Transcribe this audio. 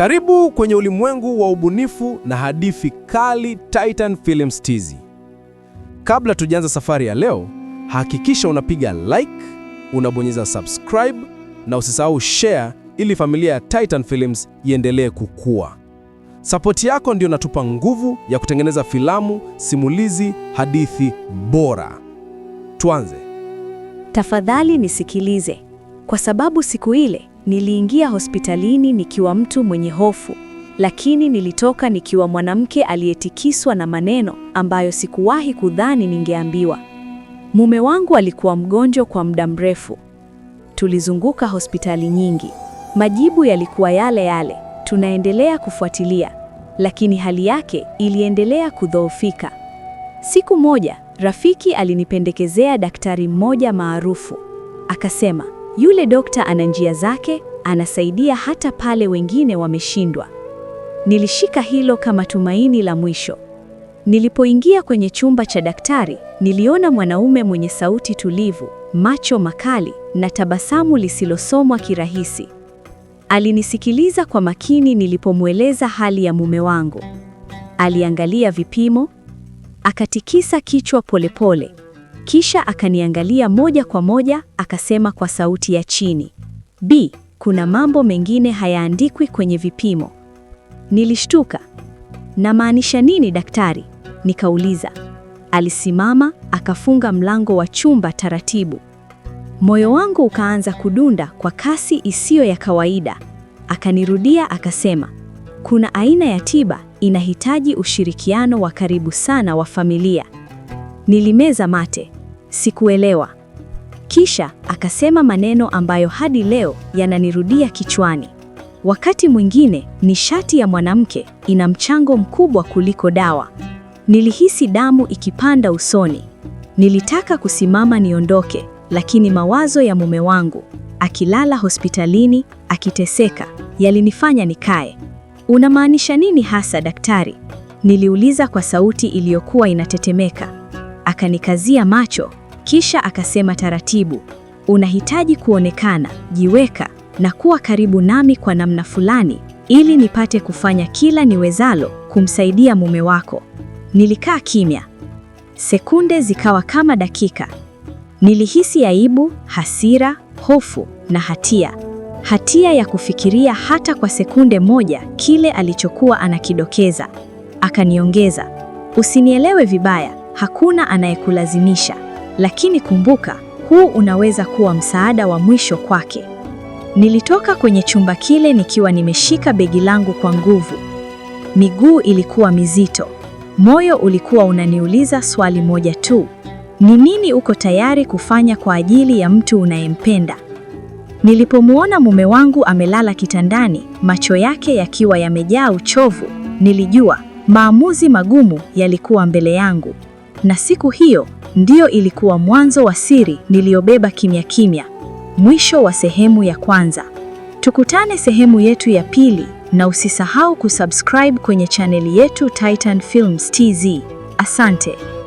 Karibu kwenye ulimwengu wa ubunifu na hadithi kali titan Films TZ. Kabla tujaanza safari ya leo, hakikisha unapiga like, unabonyeza subscribe na usisahau share ili familia ya titan Films iendelee kukua. Sapoti yako ndio inatupa nguvu ya kutengeneza filamu, simulizi, hadithi bora. Tuanze. Tafadhali nisikilize kwa sababu siku ile Niliingia hospitalini nikiwa mtu mwenye hofu, lakini nilitoka nikiwa mwanamke aliyetikiswa na maneno ambayo sikuwahi kudhani ningeambiwa. Mume wangu alikuwa mgonjwa kwa muda mrefu. Tulizunguka hospitali nyingi. Majibu yalikuwa yale yale, tunaendelea kufuatilia, lakini hali yake iliendelea kudhoofika. Siku moja, rafiki alinipendekezea daktari mmoja maarufu. Akasema, yule dokta ana njia zake, anasaidia hata pale wengine wameshindwa. Nilishika hilo kama tumaini la mwisho. Nilipoingia kwenye chumba cha daktari, niliona mwanaume mwenye sauti tulivu, macho makali na tabasamu lisilosomwa kirahisi. Alinisikiliza kwa makini nilipomweleza hali ya mume wangu. Aliangalia vipimo, akatikisa kichwa polepole. Kisha akaniangalia moja kwa moja, akasema kwa sauti ya chini, B, kuna mambo mengine hayaandikwi kwenye vipimo. Nilishtuka. Namaanisha nini daktari? Nikauliza. Alisimama akafunga mlango wa chumba taratibu. Moyo wangu ukaanza kudunda kwa kasi isiyo ya kawaida. Akanirudia akasema, kuna aina ya tiba inahitaji ushirikiano wa karibu sana wa familia. Nilimeza mate, sikuelewa. Kisha akasema maneno ambayo hadi leo yananirudia kichwani. Wakati mwingine nishati ya mwanamke ina mchango mkubwa kuliko dawa. Nilihisi damu ikipanda usoni. Nilitaka kusimama niondoke, lakini mawazo ya mume wangu akilala hospitalini akiteseka yalinifanya nikae. Unamaanisha nini hasa daktari? Niliuliza kwa sauti iliyokuwa inatetemeka. Akanikazia macho, kisha akasema taratibu, unahitaji kuonekana, jiweka na kuwa karibu nami kwa namna fulani, ili nipate kufanya kila niwezalo kumsaidia mume wako. Nilikaa kimya, sekunde zikawa kama dakika. Nilihisi aibu, hasira, hofu na hatia, hatia ya kufikiria hata kwa sekunde moja kile alichokuwa anakidokeza. Akaniongeza, usinielewe vibaya hakuna anayekulazimisha, lakini kumbuka, huu unaweza kuwa msaada wa mwisho kwake. Nilitoka kwenye chumba kile nikiwa nimeshika begi langu kwa nguvu. Miguu ilikuwa mizito, moyo ulikuwa unaniuliza swali moja tu: ni nini uko tayari kufanya kwa ajili ya mtu unayempenda? Nilipomwona mume wangu amelala kitandani, macho yake yakiwa yamejaa uchovu, nilijua maamuzi magumu yalikuwa mbele yangu na siku hiyo ndiyo ilikuwa mwanzo wa siri niliyobeba kimya kimya. Mwisho wa sehemu ya kwanza. Tukutane sehemu yetu ya pili, na usisahau kusubscribe kwenye chaneli yetu titan Films TZ. Asante.